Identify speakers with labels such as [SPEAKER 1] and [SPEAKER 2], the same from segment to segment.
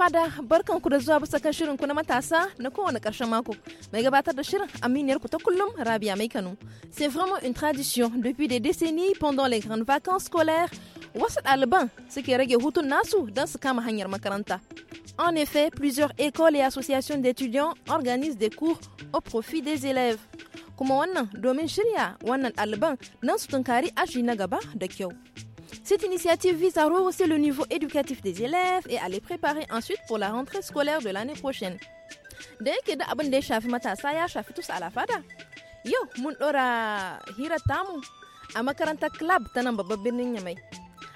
[SPEAKER 1] fada barkan ku da zuwa bisa kan shirin ku na matasa na kowane ƙarshen mako. Mai gabatar da shirin aminiyar ku ta kullum Rabia Mai Kano. C'est vraiment une tradition depuis des décennies pendant les grandes vacances scolaires. Wasu ɗaliban suke rage hutun nasu don su kama hanyar makaranta. En effet, plusieurs écoles et associations d'étudiants organisent des cours au profit des élèves. Kuma wannan domin shirya wannan ɗaliban nan su tunkari aji na gaba da kyau. Cette initiative vise à rehausser le niveau éducatif des élèves et à les préparer ensuite pour la rentrée scolaire de l'année prochaine. club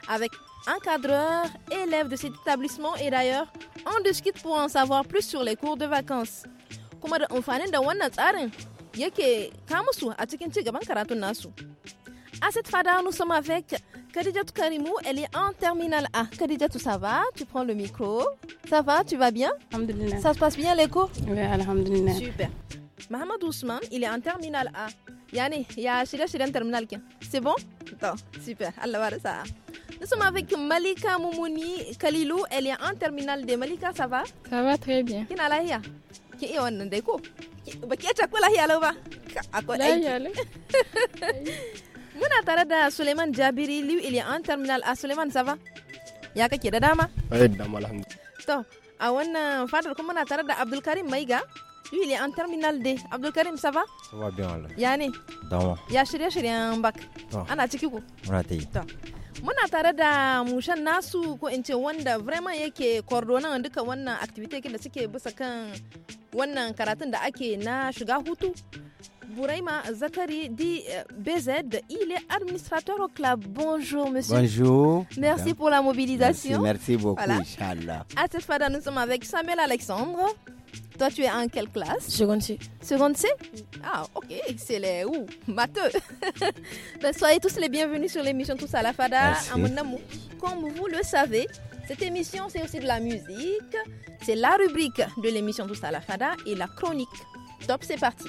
[SPEAKER 1] avec encadreurs, élèves de cet établissement et d'ailleurs on discute pour en savoir plus sur les cours de vacances kuma da wannan tsarin yake a cikin ci karatun nasu a cette fada nous sommes avec Khadija Karimou, elle est en terminale A. tout ça va Tu prends le micro. Ça va Tu vas bien Alhamdulillah. Ça se passe bien l'écho Oui, alhamdulillah. Super. Mohamed Ousmane, il est en terminale A. Yani, il y a Shida Shida en terminale C'est bon Non, super. Allah ça. Nous sommes avec Malika Moumouni Kalilou, elle est en terminale D. Malika, ça va Ça va très bien. Qui est là Qui est ce bah, Qui est là Qui est là Qui est muna tare da suleiman jabiri liu ilian terminal a ah, suleiman sava ya kake da dama
[SPEAKER 2] eh, da dama alhamdulillah
[SPEAKER 1] to a wannan fadar kuma muna tare da Karim maiga Liu il est terminal D Abdul Karim Sava. Sava va bien Allah ya ne Dama. ya shirye shiryen bak ah. ana ciki ku muna ta yi muna tare da mushan nasu ko in ce wanda vraiment yake cordonan duka wannan activity da suke bisa kan wannan karatun da ake na shiga hutu Bouraima Zakari dit euh, BZ, il est administrateur au club. Bonjour monsieur. Bonjour.
[SPEAKER 3] Merci pour la mobilisation. Merci, beaucoup, Inch'Allah.
[SPEAKER 1] À cette fois, nous sommes avec Samuel Alexandre. Toi, tu es en quelle classe Seconde C. Seconde C Ah, ok, excellent. Ouh, matheux. Ben, soyez tous les bienvenus sur l'émission Tous à la Fada, Comme vous le savez, cette émission, c'est aussi de la musique. C'est la rubrique de l'émission Tous à la Fada et la chronique. Top, c'est parti.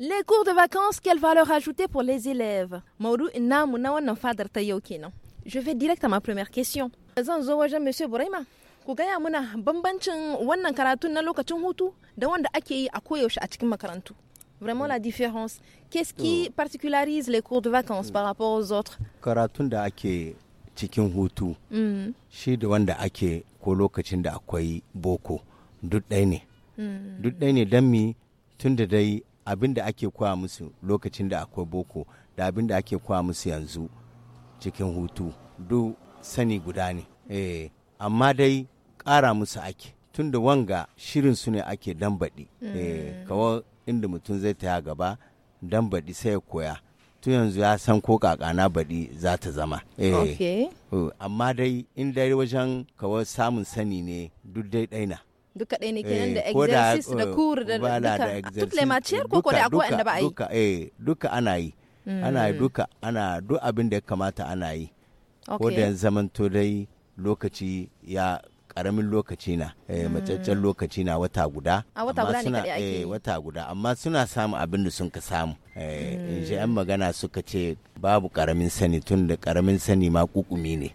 [SPEAKER 1] Les cours de vacances, quelle valeur ajouter pour les élèves Je vais direct à ma première question. Monsieur Boreima, ku gaya muna bambancin wannan karatun na lokacin hutu da wanda ake yi a koyaushe a cikin makarantu. Vraiment la différence. Qu'est-ce qui oh. particularise les cours de vacances par rapport aux autres?
[SPEAKER 3] Karatun da ake cikin hutu hmm. shi da wanda ake ko lokacin da akwai boko duk ɗaya ne hmm. duk ɗaya ne don mi tun da dai abin da ake koya musu lokacin da akwai boko da abin da ake koya musu yanzu cikin hutu duk sani guda ne eh amma dai ƙara musu ake tun da wanga shirin su ne ake dambaɗi hmm. eh, kawai inda mutum zai taya gaba dambaɗi sai ya koya tun yanzu ya san ko kakana baɗi za ta zama. Eh. Oh, amma dai in dai wajen kawo samun sani ne duk dai ɗaina.
[SPEAKER 1] duka ɗaya ne eh, ke da exercise da oh, kur da duka duk ciyar ko kodai akwai wanda ba a yi duka
[SPEAKER 3] eh duka ana yi mm. ana yi duka ana duk abin da ya kamata ana yi ko da zaman to dai lokaci ya karamin lokaci na eh, hmm. macaccen lokaci na wata guda a wata guda eh, wata guda amma suna samun abin da sun ka samu eh, in ji yan hmm. magana suka ce babu karamin sani tun da karamin sani ma kukumi ne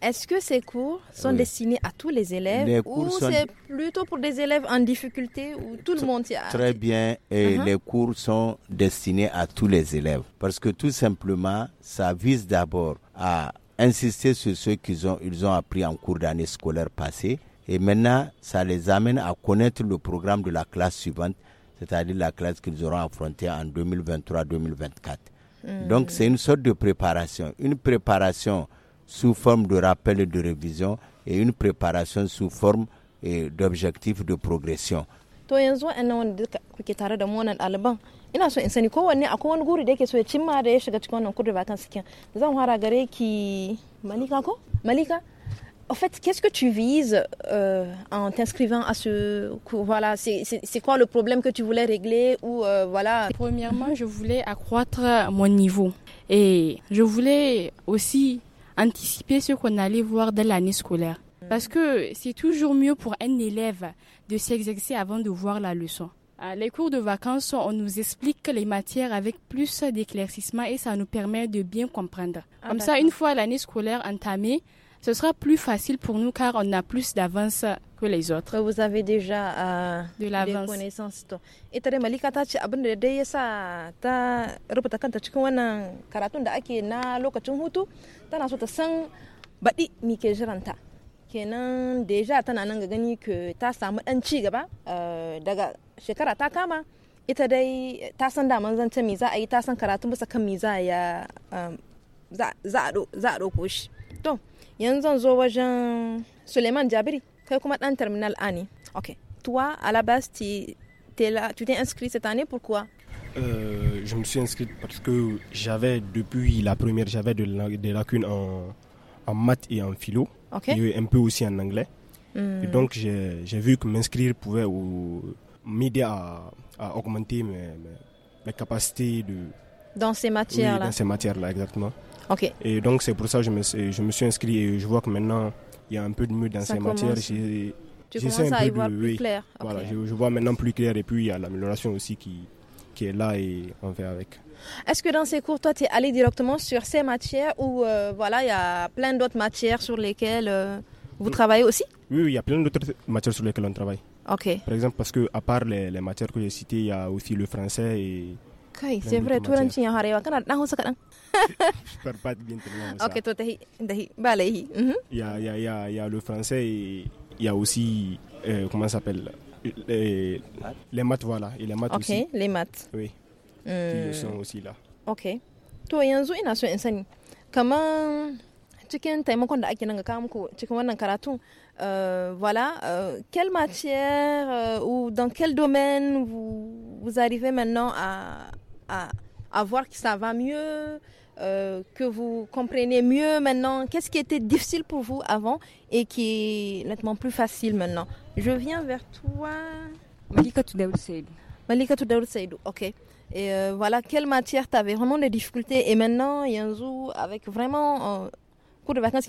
[SPEAKER 1] Est-ce que ces cours sont oui. destinés à tous les élèves les ou sont... c'est plutôt pour des élèves en difficulté ou tout le monde y a
[SPEAKER 3] Très bien, et uh -huh. les cours sont destinés à tous les élèves parce que tout simplement, ça vise d'abord à insister sur ce qu'ils ont, ils ont appris en cours d'année scolaire passée. Et maintenant, ça les amène à connaître le programme de la classe suivante, c'est-à-dire la classe qu'ils auront affrontée en 2023-2024. Hmm. Donc, c'est une sorte de préparation, une préparation sous forme de rappel et de révision et une préparation sous forme d'objectif de progression
[SPEAKER 1] to yanzu wa'annan wanda duka kuke tare da mu wannan ɗaliban ina so in sani kowanne akwai wani guri da yake so ya cimma da ya shiga cikin wannan kudu kan sikin zan fara gare ki malika ko malika En fait, qu'est-ce que tu vises euh, en t'inscrivant à ce Voilà, c'est quoi le problème que tu voulais régler ou euh, voilà. Premièrement, je voulais accroître mon niveau
[SPEAKER 4] et je voulais aussi anticiper ce qu'on allait voir dans l'année scolaire. Parce que c'est toujours mieux pour un élève de s'exercer avant de voir la leçon. Les cours de vacances, on nous explique les matières avec plus d'éclaircissement et ça nous permet de bien comprendre. Comme ça, une fois l'année scolaire entamée, ce sera plus facile pour nous car on a plus d'avance que les autres. Vous avez déjà de l'avance. connaissances
[SPEAKER 1] kenan deja tana nan ga gani ke ta samu dan ci gaba eh, daga shekara ta kama ita dai ta san daman zance me za a yi ta san karatun bisa kan me za a eh, za a ɗauko shi to yanzu zo wajen suleiman jabiri kai kuma dan terminal a ne ok toi à la base tu t'es inscrit cette année pourquoi
[SPEAKER 2] euh, je me suis inscrit parce que j'avais depuis la première j'avais de, des lacunes en en maths et en philo, et un peu aussi en anglais. Hmm. donc j'ai vu que m'inscrire pouvait m'aider à, augmenter mes, capacités de...
[SPEAKER 1] Dans ces matières-là. dans ces
[SPEAKER 2] matières-là, exactement. Ok. Et donc c'est pour ça que je me, je me suis inscrit et je vois que maintenant il y a un peu de mieux dans ces matières. Tu commences un à peu voir plus clair. Voilà, je, vois maintenant plus clair et puis il y a l'amélioration aussi qui, qui est là et on fait avec.
[SPEAKER 1] Est-ce que dans ces cours, toi, tu es allé directement sur ces matières ou euh, voilà, il y a plein d'autres matières sur lesquelles euh, vous mm. travaillez aussi
[SPEAKER 2] Oui, il y a plein d'autres matières sur lesquelles on travaille. Par exemple, parce que à part les, matières que j'ai citées, il y a aussi le français et
[SPEAKER 1] c'est vrai Tu le monde bien OK tu tahi dahi il
[SPEAKER 2] y a il y le français et il y a aussi euh, comment ça s'appelle les, maths voilà et les maths aussi OK les maths oui sont aussi là
[SPEAKER 1] ok to yanzu ina so in sani kaman taimakon da ga voilà eh, quelle matière eh, ou dans quel domaine vous, arrivez maintenant à, voir que ça va mieux eh, que vous comprenez mieux maintenant Qu'est-ce qui était difficile pour vous avant et qui est nettement plus facile maintenant Je viens vers toi. ok. Et euh, voilà, quelle matière tu avais vraiment des difficultés. Et maintenant, y jour avec vraiment euh, cours de vacances,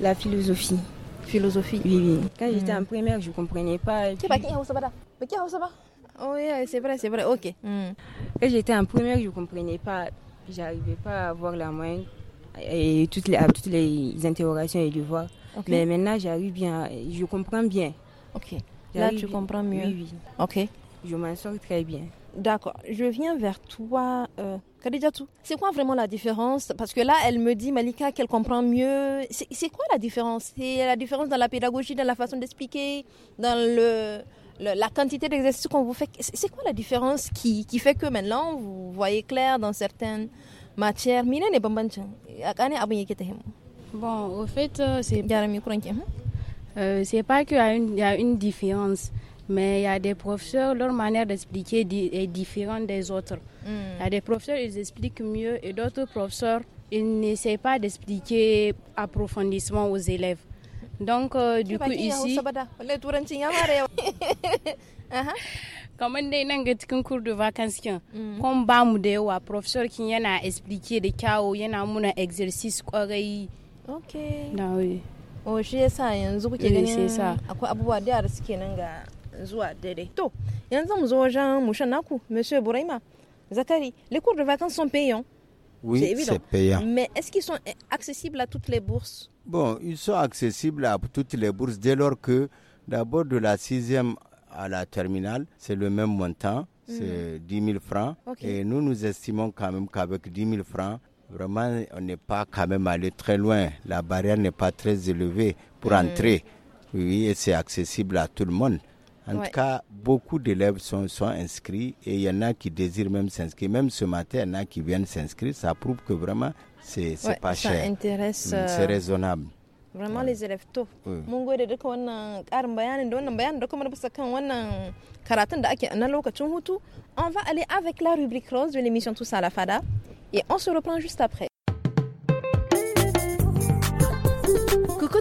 [SPEAKER 1] la philosophie. Philosophie Oui, oui. Quand hmm. j'étais en primaire, je ne comprenais pas. Oui, oh, c'est vrai, c'est vrai, ok. Hmm. Quand j'étais en primaire,
[SPEAKER 5] je ne comprenais pas. J'arrivais pas à voir la moyenne et toutes les, toutes les interrogations et devoirs. Okay. Mais maintenant, j'arrive bien, je comprends bien. Ok. Là,
[SPEAKER 6] tu comprends
[SPEAKER 1] mieux. Oui, oui.
[SPEAKER 5] Ok je m'en sors très bien.
[SPEAKER 1] D'accord, je viens vers toi. Euh, c'est quoi vraiment la différence Parce que là, elle me dit, Malika, qu'elle comprend mieux. C'est quoi la différence C'est la différence dans la pédagogie, dans la façon d'expliquer, dans le, la quantité d'exercices qu'on vous fait. C'est quoi la différence qui, qui fait que maintenant, vous voyez clair dans certaines matières Bon, au fait, euh, c'est... Hein? Euh, c'est pas qu'il y a une différence.
[SPEAKER 5] Mais il y a des professeurs, leur manière d'expliquer est différente des autres. Hmm. Il y a des professeurs, ils expliquent mieux et d'autres professeurs, ils n'essaient pas d'expliquer approfondissement aux élèves. Donc, euh, du coup, ici. Comme on nan un cikin de vacances kin kun ba mu da yawa professor kin yana où il y yana muna exercice Ok.
[SPEAKER 1] Ok. da oui. Oh, je sais ça. y C'est ça. abubuwa da les cours de vacances sont payants oui c'est payant mais est-ce qu'ils sont accessibles à toutes les bourses
[SPEAKER 3] bon ils sont accessibles à toutes les bourses dès lors que d'abord de la sixième à la terminale c'est le même montant mhm. c'est 10 000 francs. Et nous, nous estimons quand même qu'avec 10 000 francs, vraiment, on n'est pas quand même allé très loin. La barrière n'est pas très élevée pour mhm. entrer. Oui, et c'est accessible à tout le monde. En tout cas, beaucoup d'élèves sont, inscrits et il y en a qui désirent même s'inscrire. Même ce matin, il y en a qui viennent s'inscrire. Ça prouve que vraiment, c'est pas ça cher. Intéresse, mm, C'est euh, raisonnable.
[SPEAKER 1] vraiment les élèves tout. on va aller avec la rubrique rose de l'émission tous à la fada et on se reprend juste après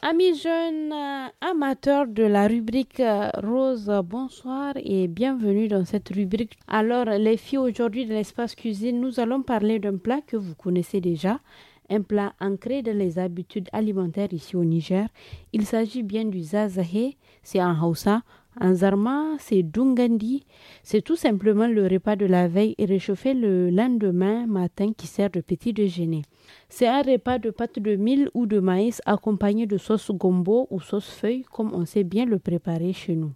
[SPEAKER 1] Amis jeunes euh, amateurs de la
[SPEAKER 7] rubrique euh, rose, bonsoir et bienvenue dans cette rubrique. Alors les filles, aujourd'hui de l'espace cuisine, nous allons parler d'un plat que vous connaissez déjà, un plat ancré dans les habitudes alimentaires ici au Niger. Il s'agit bien du zazahé, c'est en Hausa. En Zarma, c'est Dungandi. C'est tout simplement le repas de la veille et réchauffé le lendemain matin qui sert de petit déjeuner. C'est un repas de pâte de mil ou de maïs accompagné de sauce gombo ou sauce feuilles comme on sait bien le préparer chez nous.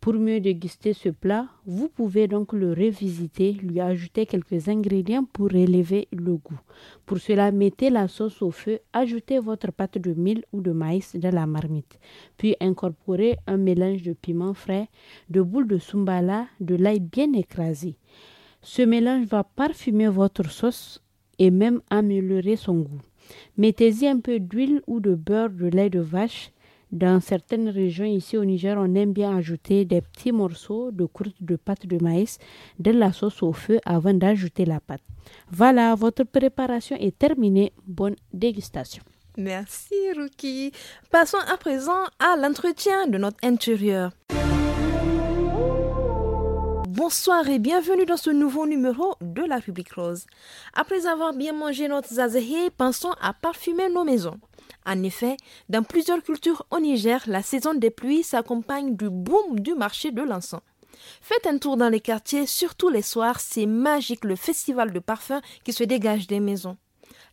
[SPEAKER 7] Pour mieux déguster ce plat, vous pouvez donc le revisiter, lui ajouter quelques ingrédients pour élever le goût. Pour cela, mettez la sauce au feu, ajoutez votre pâte de mil ou de maïs dans la marmite, puis incorporez un mélange de piment frais, de boules de sumbala, de l'ail bien écrasé. Ce mélange va parfumer votre sauce et même améliorer son goût. Mettez-y un peu d'huile ou de beurre de lait de vache. Dans certaines régions ici au Niger, on aime bien ajouter des petits morceaux de croûte de pâte de maïs dans la sauce au feu avant d'ajouter la pâte. Voilà, votre préparation est terminée. Bonne dégustation.
[SPEAKER 1] Merci Ruki. Passons à présent à l'entretien de notre intérieur. Bonsoir et bienvenue dans ce nouveau numéro de la Rubrique Rose. Après avoir bien mangé notre zazahé, pensons à parfumer nos maisons. En effet, dans plusieurs cultures au Niger, la saison des pluies s'accompagne du boom du marché de l'encens. Faites un tour dans les quartiers, surtout les soirs, c'est magique le festival de parfums qui se dégage des maisons.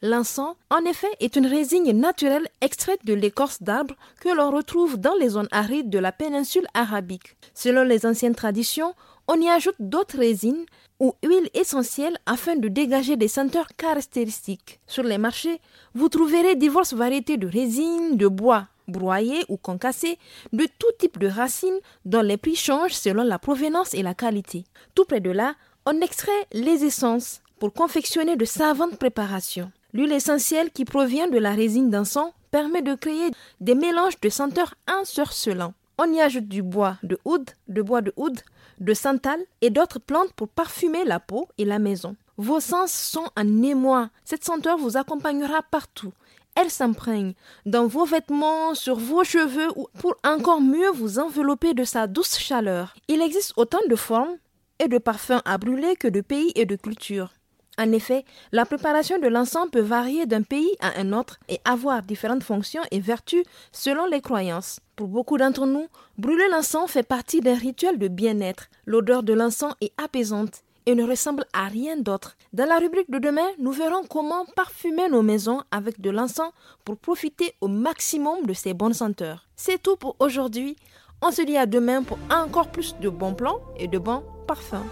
[SPEAKER 1] L'encens, en effet, est une résine naturelle extraite de l'écorce d'arbres que l'on retrouve dans les zones arides de la péninsule arabique. Selon les anciennes traditions, on y ajoute d'autres résines ou huiles essentielles afin de dégager des senteurs caractéristiques. Sur les marchés, vous trouverez diverses variétés de résines, de bois broyés ou concassés, de tout type de racines dont les prix changent selon la provenance et la qualité. Tout près de là, on extrait les essences pour confectionner de savantes préparations. L'huile essentielle qui provient de la résine d'encens permet de créer des mélanges de senteurs insurcelants. On y ajoute du bois de houde de bois de oud, de santal et d'autres plantes pour parfumer la peau et la maison. Vos sens sont en émoi. Cette senteur vous accompagnera partout. Elle s'imprègne dans vos vêtements, sur vos cheveux ou pour encore mieux vous envelopper de sa douce chaleur. Il existe autant de formes et de parfums à brûler que de pays et de cultures. En effet, la préparation de l'encens peut varier d'un pays à un autre et avoir différentes fonctions et vertus selon les croyances. Pour beaucoup d'entre nous, brûler l'encens fait partie d'un rituel de bien-être. L'odeur de l'encens est apaisante et ne ressemble à rien d'autre. Dans la rubrique de demain, nous verrons comment parfumer nos maisons avec de l'encens pour profiter au maximum de ses bonnes senteurs. C'est tout pour aujourd'hui. On se dit à demain pour encore plus de bons plans et de bons parfums.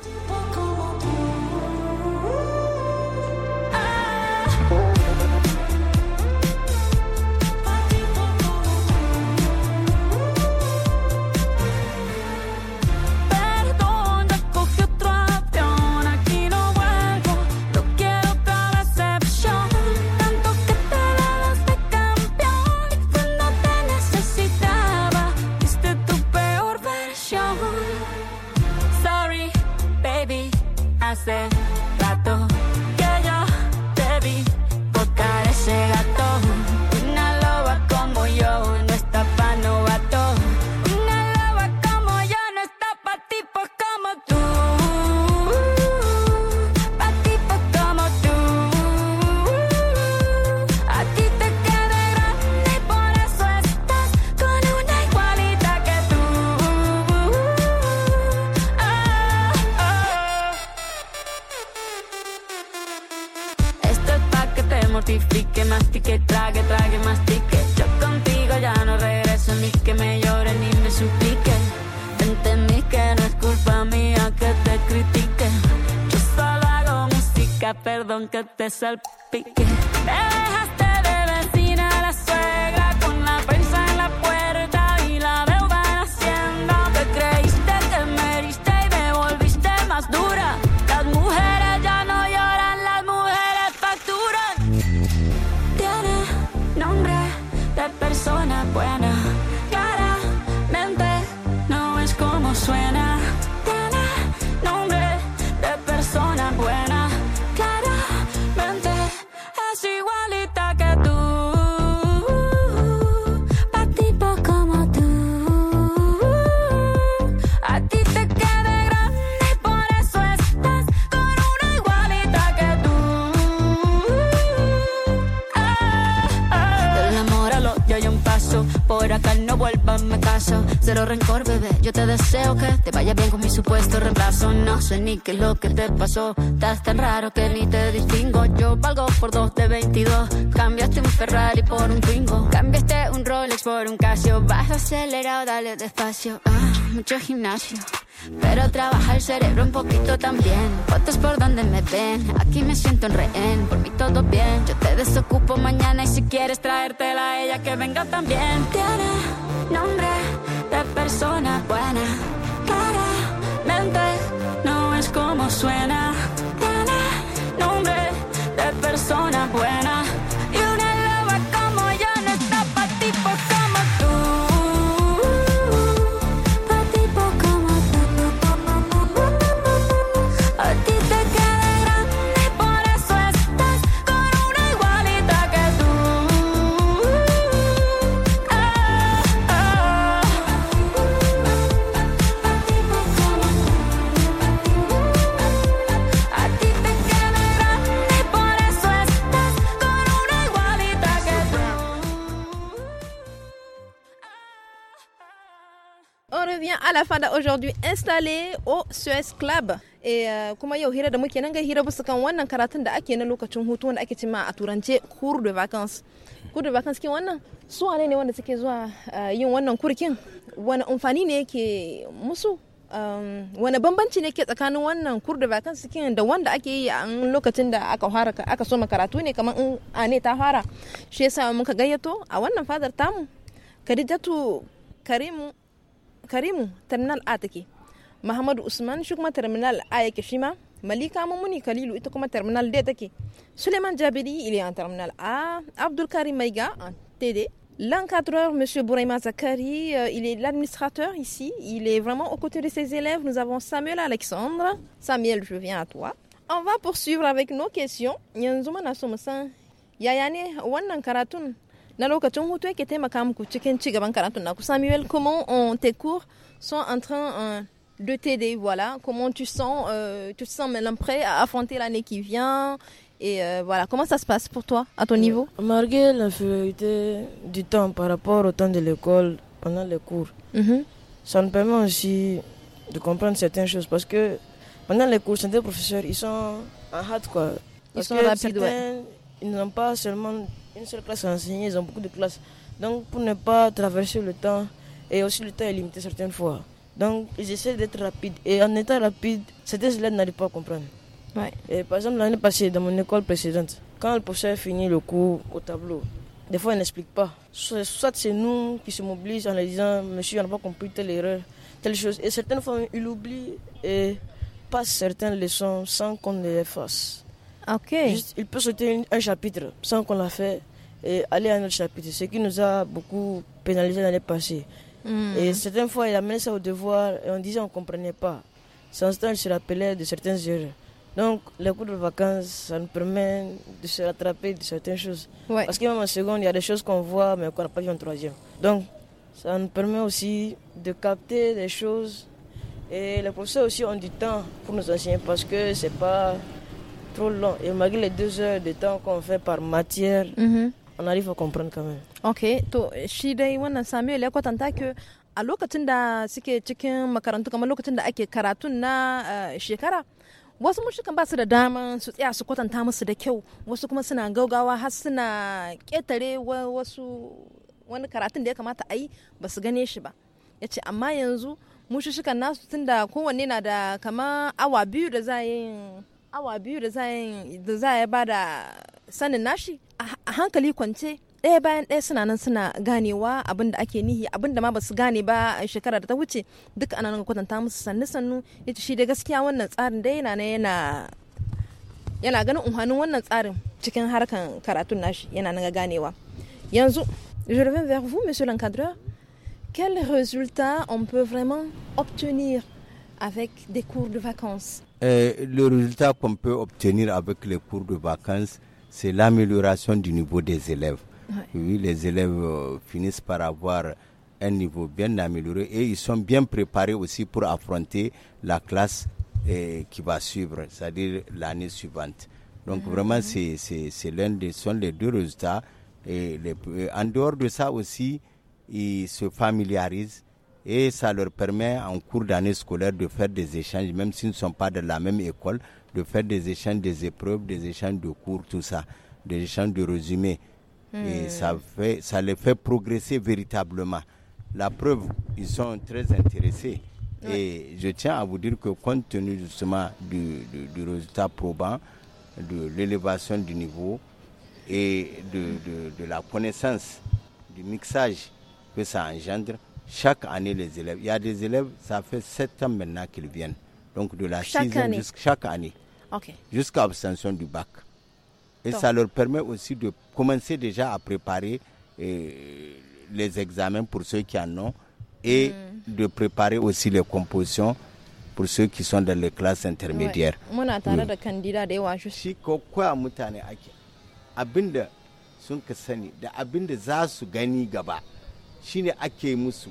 [SPEAKER 8] Says. al she wanted cero rencor, bebé. Yo te deseo que te vaya bien con mi supuesto reemplazo. No sé ni qué es lo que te pasó. Estás tan raro que ni te distingo. Yo valgo por dos de 22. Cambiaste un Ferrari por un Twingo. Cambiaste un Rolex por un Casio. Bajo acelerado, dale despacio. Ah, mucho gimnasio. Pero trabaja el cerebro un poquito también. Fotos por donde me ven, aquí me siento en rehén. Por mí todo bien, yo te desocupo mañana y si quieres traértela a ella que venga también. Tiene nombre persona buena. mente, no es como suena. Tiene nombre de persona buena.
[SPEAKER 1] aujourd'hui installé au Suez Club. E, kuma yau hira da muke nan ga hira bisa kan wannan karatun da ake na lokacin hutu wanda ake cima a turance cour de vacances. cour de vacances kin wannan su wane ne wanda suke zuwa eh, yin wannan kurkin wani amfani ne yake musu um, wani bambanci ne ke tsakanin wannan cour de vacances kin da wanda ake yi a lokacin da aka fara aka soma karatu ne kamar in a ne ta fara shi yasa muka gayyato a wannan fadar tamu Khadijatu Karimu karimu terminal a taki, Mohamed usman shi terminal a yake malika Momuni kalilu ita kuma terminal d take suleiman jabiri il est en terminal a abdul karim maiga en td L'encadreur, M. Bouraima Zakari, euh, il est l'administrateur ici. Il est vraiment aux côtés de ses élèves. Nous avons Samuel Alexandre. Samuel, je viens à toi. On va poursuivre avec nos questions na lokacin hutu yake taimaka muku cikin Samuel comment on tes cours sont en train euh, de t'aider voilà comment tu sens euh, tu te sens maintenant prêt à affronter l'année qui vient et euh, voilà comment ça se passe pour toi à ton niveau malgré
[SPEAKER 6] l'infériorité du temps par rapport au temps de l'école pendant les cours mm-hmm. ça nous permet aussi de comprendre certaines choses parce que pendant les cours certains professeurs ils sont en hâte quoi ils sont rapides ils n'ont pas seulement une seule classe à enseigner, ils ont beaucoup de classes. Donc pour ne pas traverser le temps, et aussi le temps est limité certaines fois. Donc ils essaient d'être rapides. Et en étant rapides, certains élèves n'arrivent pas à comprendre. Ouais. Et par exemple, l'année passée, dans mon école précédente, quand le professeur finit le cours au tableau, des fois, il n'explique pas. Soit c'est nous qui se mobilisons en disant Monsieur, on n'a pas compris telle erreur, telle chose. Et certaines fois, il oublie et passe certaines leçons sans qu'on les fasse il peut sauter un chapitre sans qu'on l'a fait et aller à un autre chapitre, ce qui nous a beaucoup pénalisé l'année passée. Hmm. Et certaines fois, il amène ça au devoir et on disait on ne comprenait pas. Sans ce il se rappelait de certains erreurs. Donc, les cours de vacances, ça nous permet de se rattraper de certaines choses. Parce que seconde, il y a des choses qu'on voit, mais qu'on n'a pas vu en troisième. Donc, ça nous permet aussi de capter des choses. Et les professeurs aussi ont du temps pour nous enseigner parce que c'est pas trop long. Et malgré les deux heures de temps qu'on fait par matière, mm -hmm. on arrive à comprendre quand même.
[SPEAKER 1] Ok, to shi dai wannan Samuel ya kwatanta que a lokacin da suke cikin makarantu kamar lokacin da ake karatun na eh, shekara wasu mushikan ba su da dama su tsaya su kwatanta musu da kyau wasu kuma suna gaugawa har suna ketare wasu wani karatun da ya kamata a yi ba su gane shi ba ya ce amma yanzu mushushukan nasu tunda kowanne na da kama awa biyu da za yin awa biyu da za ya ba da sanin nashi a hankali kwance ɗaya bayan ɗaya suna nan suna ganewa abin da ake nihi abin da ma ba su gane ba shekara da ta wuce duk ana nan kwatanta musu sannu sannu ya shi da gaskiya wannan tsarin dai yana na yana yana ganin unhanin wannan tsarin cikin harkan karatun nashi yana nan ganewa yanzu je reviens vers vous monsieur l'encadreur quel résultat on peut vraiment obtenir avec des cours de vacances
[SPEAKER 3] euh, le résultat qu'on peut obtenir avec les cours de vacances, c'est l'amélioration du niveau des élèves. Oui, les élèves euh, finissent par avoir un niveau bien amélioré et ils sont bien préparés aussi pour affronter la classe euh, qui va suivre, c'est-à-dire l'année suivante. Donc ah vraiment, c'est l'un des sont les deux résultats. Et en dehors de ça aussi, ils se familiarisent et ça leur permet en cours d'année scolaire de faire des échanges, même s'ils ne sont pas de la même école, de faire des échanges des épreuves, des échanges de cours, tout ça, des échanges de résumés. Et hmm. ça, fait, ça les fait progresser véritablement. La preuve, ils sont très intéressés. Et je tiens à vous dire que compte tenu justement du, du, résultat probant, de l'élévation du niveau et de, de, de la connaissance du mixage que ça engendre, chaque année, les élèves. Il y a des élèves, ça fait 7 ans maintenant qu'ils viennent. Donc de la 6 jusqu'à chaque année. Jusqu'à l'obtention du bac. Et ça leur permet aussi de commencer déjà à préparer euh, les examens pour ceux qui en ont et hmm. de préparer aussi les compositions pour ceux qui sont dans les classes intermédiaires. shine ake musu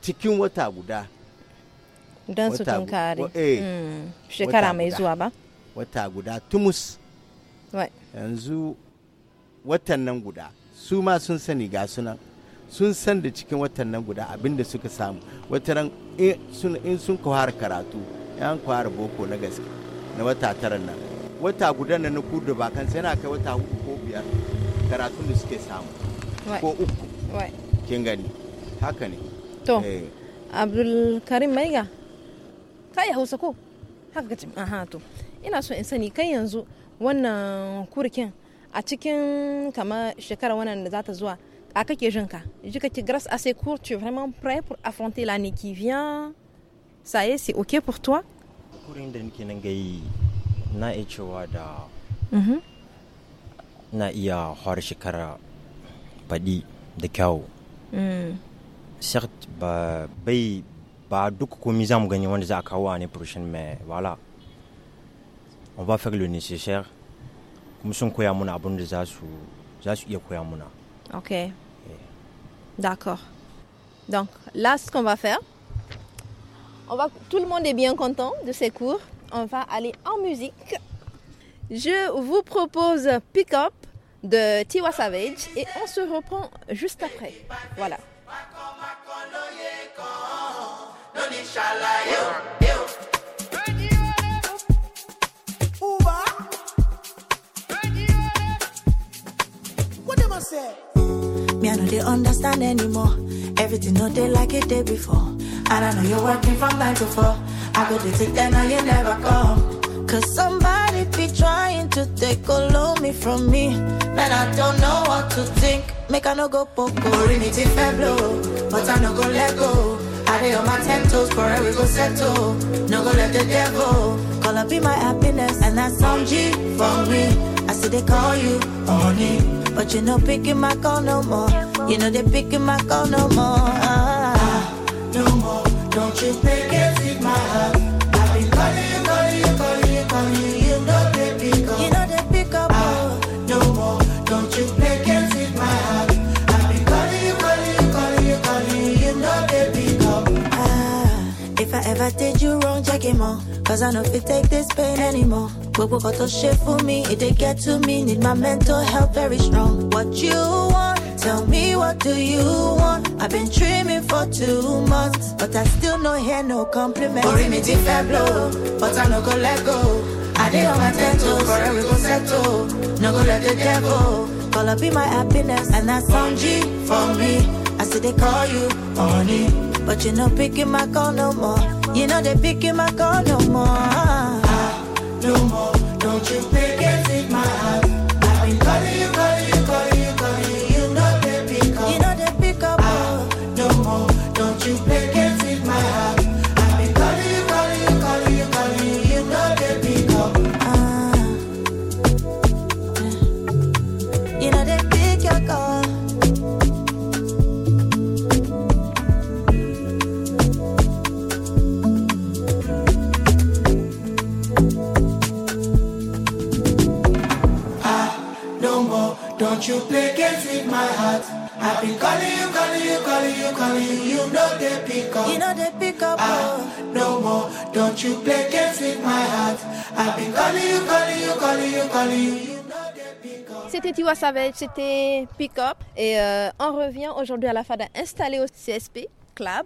[SPEAKER 3] cikin wata guda
[SPEAKER 1] don su tunkari eh, hmm, shekara mai zuwa ba
[SPEAKER 3] wata guda tumus yanzu watan nan guda su ma sun sani ga sunan sun san da cikin watan nan guda abinda suka samu wataran eh, in sun kawar karatu yan kawar boko na gaske na wata taran nan wata guda na kudu da sai na kai wata hudu ko biyar karatun da suke samu ko uku kin gani haka ne to eh.
[SPEAKER 1] abdulkarim maiga ka yi hausa ko haka ka aha to ina so in sani kai yanzu wannan kurkin a cikin kama shekara wannan da za ta zuwa a kake jin ka ji kake grâce à ces cours tu vraiment prêt pour affronter la qui vient ça y est c'est ok pour toi
[SPEAKER 3] kurin da nake nan gai na iya cewa da mhm. na iya har shekara fadi da kyau Hmm. Certes, ba bah ba pas komi za mu gagner za prochaine mais voilà. On va faire le nécessaire. comme son koya muna bon déjà za
[SPEAKER 1] OK. D'accord. Donc là ce qu'on va faire on va tout le monde est bien content de ces cours. On va aller en musique. Je vous propose Pick Up de Tiwa Savage et on se reprend juste après. Voilà.
[SPEAKER 6] Me,
[SPEAKER 9] I know they understand anymore. Everything not they like it did before. And I know you're working from nine to four. I go to take that now you never come. Cause somebody be trying to take all of me from me. Man, I don't know what to think. Make I no go poco. Orinity blow, but I no go let go. I lay on my ten toes, forever we go settle. No go let the devil call up be my happiness, and that's on G for me. I see they call you on it, but you no picking my call no more. You know they picking my call no more. Ah, no more. Don't you pick it in my heart. like more. Cause I know if take this pain anymore. But what got shit for me, it did get to me. Need my mental health very strong. What you want? Tell me what do you want? I've been dreaming for two months, but I still no hear no compliments. Worry me deep blow, but I no go let go. I did on my tentos, for every go settle. No go let the devil call up be my happiness, and that's song G for me. I said they call you honey. but you no picking my call no more. You know they picking my car no more. Ah, no more. Don't you pick it in my heart. I've been calling you. Won't you play games with my heart? I've been calling you, calling you, calling you, calling you. You know they pick up. You know they pick up. Ah, oh. no more. Don't you play games with my heart? I've been calling you,
[SPEAKER 1] calling you, calling you, calling you. C'était Tiwa Savage, c'était Pick Up et euh, on revient aujourd'hui à la FADA installée au CSP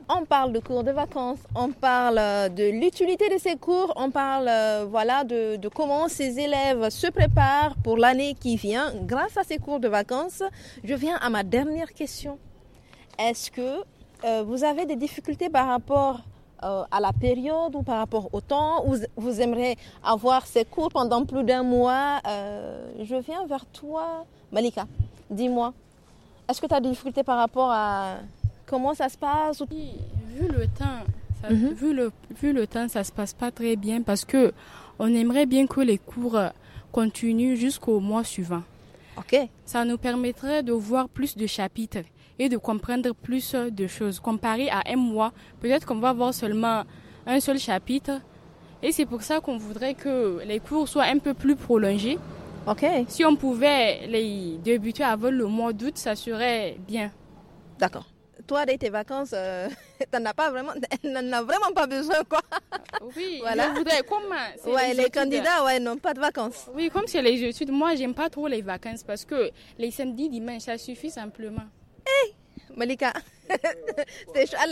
[SPEAKER 1] on parle de cours de vacances, on parle euh, de l'utilité de ces cours, on parle euh, voilà de, comment ces élèves se préparent pour l'année qui vient grâce à ces cours de vacances. Je viens à ma dernière question. Est-ce que euh, vous avez des difficultés par rapport à la période ou par rapport au temps ou vous aimeriez avoir ces cours pendant plus d'un mois Je viens vers toi, Malika. Dis-moi, est-ce que tu as des difficultés par rapport à Comment ça se passe Vu le temps,
[SPEAKER 4] ça, mhm. vu, le, vu le temps, ça se passe pas très bien parce que on aimerait bien que les cours euh, continuent jusqu'au mois suivant. Ok. Ça nous permettrait de voir plus de chapitres et de comprendre plus euh, de choses. Comparé à un mois, peut-être qu'on va voir seulement un seul chapitre. Et c'est pour ça qu'on voudrait que les cours soient un peu plus prolongés. Ok. Si on pouvait les débuter avant le mois d'août, ça serait bien. D'accord
[SPEAKER 1] toi, tes vacances, tu euh, t'en as pas vraiment, n'en as vraiment pas besoin, quoi. Oui, voilà. je euh, ouais, les, candidats, ouais, n'ont
[SPEAKER 4] pas de vacances. Oui, comme c'est les études, moi, j'aime pas trop les vacances parce que les samedis, dimanches, ça suffit
[SPEAKER 1] simplement. Hey, eh, Malika, c'est ça,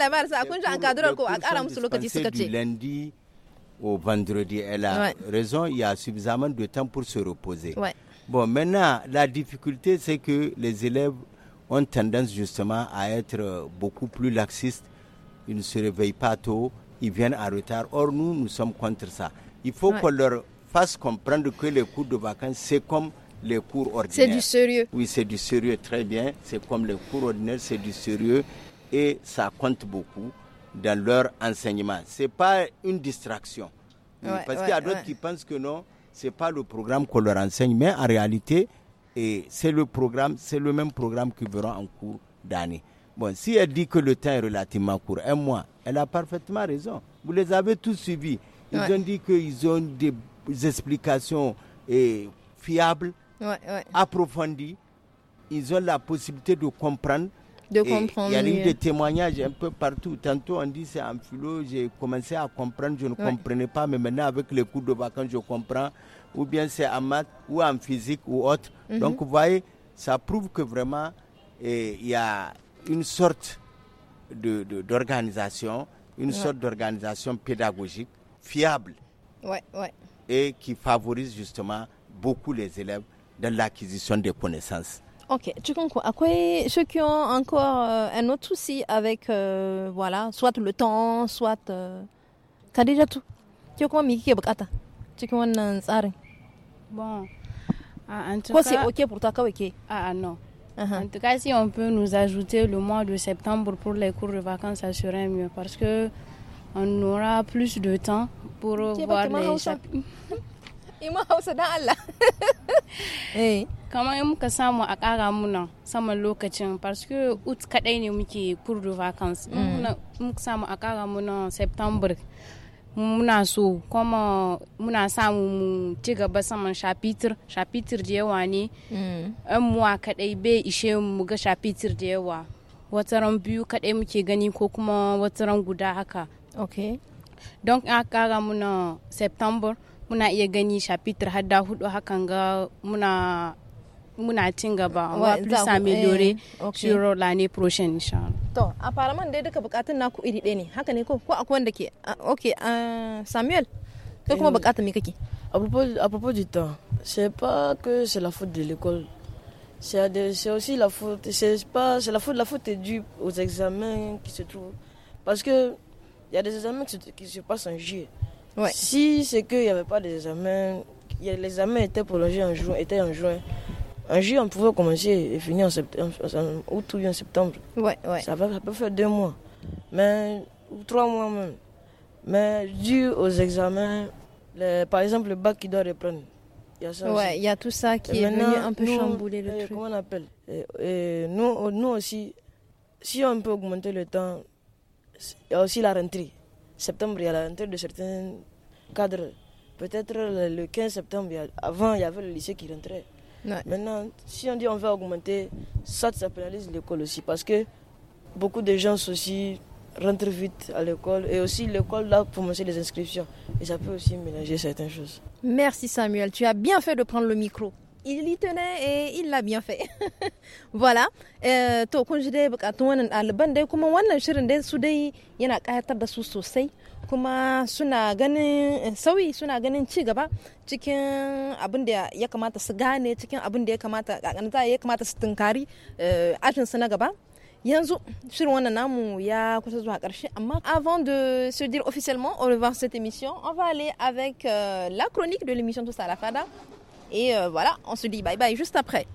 [SPEAKER 1] quoi, à la C'est du
[SPEAKER 3] lundi au vendredi, elle a raison, il y a suffisamment de temps pour se reposer. Ouais. Bon, maintenant, la difficulté, c'est que les élèves ont tendance justement à être beaucoup plus laxistes. Ils ne se réveillent pas tôt, ils viennent en retard. Or, nous, nous sommes contre ça. Il faut qu'on leur fasse comprendre que les cours de vacances, c'est comme les cours ordinaires. C'est du sérieux. Oui, c'est du sérieux, très bien. C'est comme les cours ordinaires, c'est du sérieux. Et ça compte beaucoup dans leur enseignement. Ce n'est pas une distraction. Parce qu'il y a d'autres qui pensent que non, ce n'est pas le programme qu'on leur enseigne. Mais en réalité, et c'est le programme, c'est le même programme qu'ils verront en cours d'année. Bon, si elle dit que le temps est relativement court, un mois, elle a parfaitement raison. Vous les avez tous suivis. Ils ont dit qu'ils ont des explications et fiables, approfondies. Ils ont la possibilité de comprendre. De comprendre. Il y a eu des témoignages un peu partout. Tantôt, on dit c'est un philo, j'ai commencé à comprendre, je ne comprenais pas, mais maintenant, avec les cours de vacances, je comprends ou bien c'est en maths, ou en physique, ou autre. Mhm. Donc, vous voyez, ça prouve que vraiment, eh, il y a une sorte d'organisation, de, une sorte d'organisation pédagogique fiable. Ouais, ouais. Et qui favorise justement beaucoup les élèves dans l'acquisition des connaissances.
[SPEAKER 1] Ok, tu comprends. quoi ceux qui ont encore euh, un autre souci avec, euh, voilà, soit le temps, soit. Euh, as déjà tout. Tu comprends, Tu comprends,
[SPEAKER 5] Bon. Ah, en tout Quoi, c'est OK pour toi, Kaweke Ah, ah non. Uh-huh. En tout cas, si on peut nous ajouter le mois de septembre pour les cours de vacances, ça serait mieux parce que on aura plus de temps pour voir les chapitres.
[SPEAKER 1] ima
[SPEAKER 5] hausa dan Allah. kamar in muka samu a ƙara muna saman lokacin parce que ut kadai ne muke kurdu vacances. vacances muka samu a ƙara muna septembre muna so kuma muna samu mu ci gaba saman shafitir shafitir da yawa ne mm. yan muwa kadai bai ishe mu ga shafitir da yawa wataran biyu kadai muke gani ko kuma wataran guda haka ok don a kara muna september muna iya gani shafitir har da hudu hakan ga muna muna cin gaba wa plus a améliorer eh, sur ne proshen inshallah
[SPEAKER 1] To, apparemment dai duka bukatun naku iri ɗaya ne, haka ne ko? Ko akwai wanda ke, ah, ok, uh, Samuel, toi kuma eh, bakata me kake? À propos, à propos
[SPEAKER 6] du temps, c'est pas que c'est la faute de l'école. C'est aussi la faute, c'est pas, c'est la faute, la faute est due aux examens qui se trouvent. Parce que, il y a des examens qui se, passent en juillet. Ouais. Si c'est qu'il n'y avait pas d'examens, les examens étaient prolongés en juin, étaient en juin. En jour, on pouvait commencer et finir en, septembre, août ou en septembre. Ouais, ouais. Ça, va, peut faire deux mois, mais, ou trois mois même. Mais dû aux examens, par exemple le bac qui doit reprendre, il y a Ouais, il y a tout ça qui est venu un peu chamboulé chambouler le euh, truc. Comment on appelle et, nous, nous aussi, si on peut augmenter le temps, il y a aussi la rentrée. Septembre, il y a la rentrée de certains cadres. Peut-être le 15 septembre, avant, il y avait le lycée qui rentrait. Maintenant, si on dit on va augmenter, ça, ça pénalise l'école aussi parce que beaucoup de gens aussi rentrent vite à l'école et aussi l'école là pour commencer les inscriptions et ça peut aussi ménager certaines choses.
[SPEAKER 1] Merci Samuel, tu as bien fait de prendre le micro. il y tenait et il l'a bien fait. voilà. Euh, to kun bukatun wannan dai kuma wannan shirin dai su dai yana da su sosai kuma suna ganin eh, sauyi suna ganin ci gaba cikin abin da ya kamata su gane cikin abin da ya kamata ya kamata su tunkari eh, ajinsu na gaba Yanzu, ya kusa zuwa y amma Avant de se dire officiellement au revoir cette émission, on va aller avec euh, la chronique de l'émission Tous à la Fada. Et euh, voilà, on se dit bye bye juste après.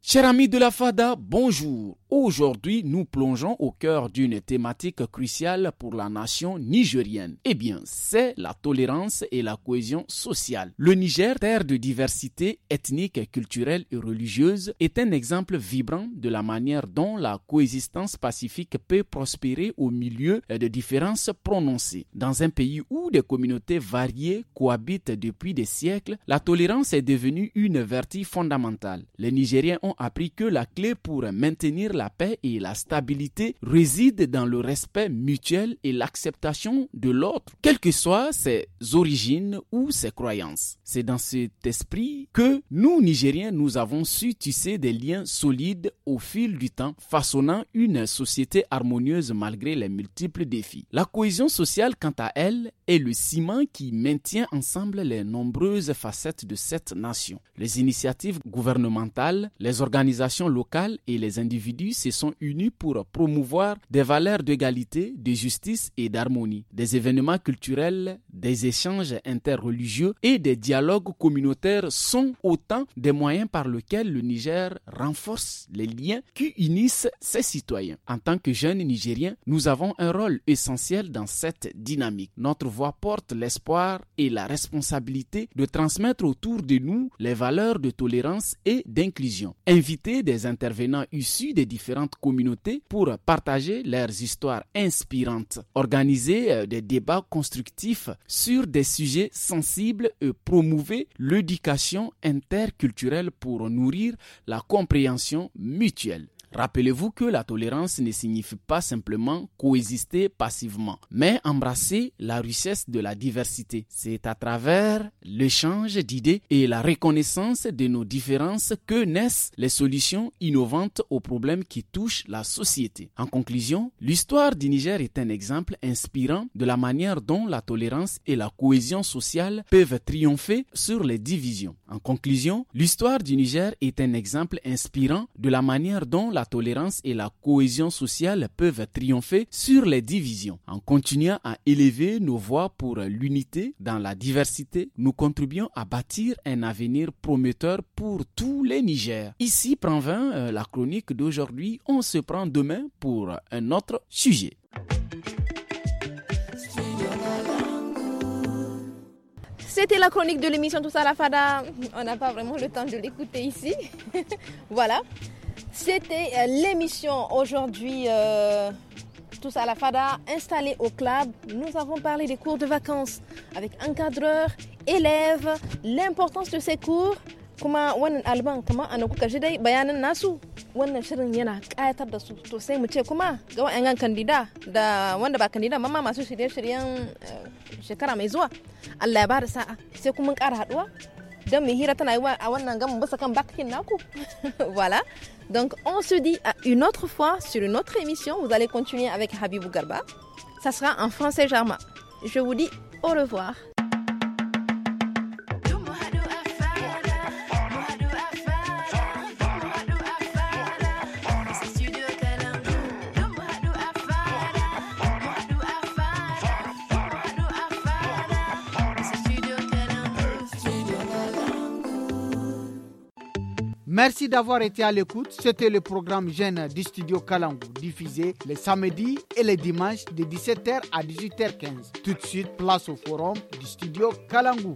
[SPEAKER 10] Chers amis de la Fada, bonjour. Aujourd'hui, nous plongeons au cœur d'une thématique cruciale pour la nation nigérienne. Eh bien, c'est la tolérance et la cohésion sociale. Le Niger, terre de diversité ethnique, culturelle et religieuse, est un exemple vibrant de la manière dont la coexistence pacifique peut prospérer au milieu de différences prononcées. Dans un pays où des communautés variées cohabitent depuis des siècles, la tolérance est devenue une vertu fondamentale. Les Nigériens ont appris que la clé pour maintenir la paix et la stabilité résident dans le respect mutuel et l'acceptation de l'autre, quelles que soient ses origines ou ses croyances. C'est dans cet esprit que nous, Nigériens, nous avons su tisser des liens solides au fil du temps, façonnant une société harmonieuse malgré les multiples défis. La cohésion sociale, quant à elle, est le ciment qui maintient ensemble les nombreuses facettes de cette nation. Les initiatives gouvernementales, les organisations locales et les individus se sont unis pour promouvoir des valeurs d'égalité, de justice et d'harmonie, des événements culturels, des échanges interreligieux et des dialogues communautaires sont autant des moyens par lesquels le Niger renforce les liens qui unissent ses citoyens. En tant que jeunes Nigériens, nous avons un rôle essentiel dans cette dynamique. Notre voix porte l'espoir et la responsabilité de transmettre autour de nous les valeurs de tolérance et d'inclusion. Inviter des intervenants issus des communautés pour partager leurs histoires inspirantes, organiser euh, des débats constructifs sur des sujets sensibles et promouvoir l'éducation interculturelle pour nourrir la compréhension mutuelle. Rappelez-vous que la tolérance ne signifie pas simplement coexister passivement, mais embrasser la richesse de la diversité. C'est à travers l'échange d'idées et la reconnaissance de nos différences que naissent les solutions innovantes aux problèmes qui touchent la société. En conclusion, l'histoire du Niger est un exemple inspirant de la manière dont la tolérance et la cohésion sociale peuvent triompher sur les divisions. En conclusion, l'histoire du Niger est un exemple inspirant de la manière dont la la tolérance et la cohésion sociale peuvent triompher sur les divisions. En continuant à élever nos voix pour l'unité dans la diversité, nous contribuons à bâtir un avenir prometteur pour tous les Niger. Ici prend euh, 20 la chronique d'aujourd'hui. On se prend demain pour un autre sujet.
[SPEAKER 1] C'était la chronique de l'émission Tout à la Fada. On n'a pas vraiment le temps de l'écouter ici. voilà. C'était euh, l'émission aujourd'hui. Euh, tous à la FADA, installés au club. Nous avons parlé des cours de vacances avec encadreurs, élèves, l'importance de ces cours. kuma wannan alban kamar a kuka ji dai bayanan nasu wannan shirin yana kayatar da su to sai mu ce kuma ga wa'annan kandida da wanda ba kandida mamma masu shirye-shiryen eh, shekara mai zuwa Allah ya bada sa'a sai kuma mun ƙara haɗuwa don mu hira tana yi a wannan gamin bisa kan bakin naku wala Donc on se dit à une autre fois sur une autre émission. Vous allez continuer avec Habibou Garba. Ça sera en français german Je vous dis au revoir.
[SPEAKER 3] Merci d'avoir été à l'écoute. C'était le programme Gênes du studio Kalangu, diffusé les samedis et les dimanches de 17h à 18h15. Tout de suite, place au forum du studio Kalangu.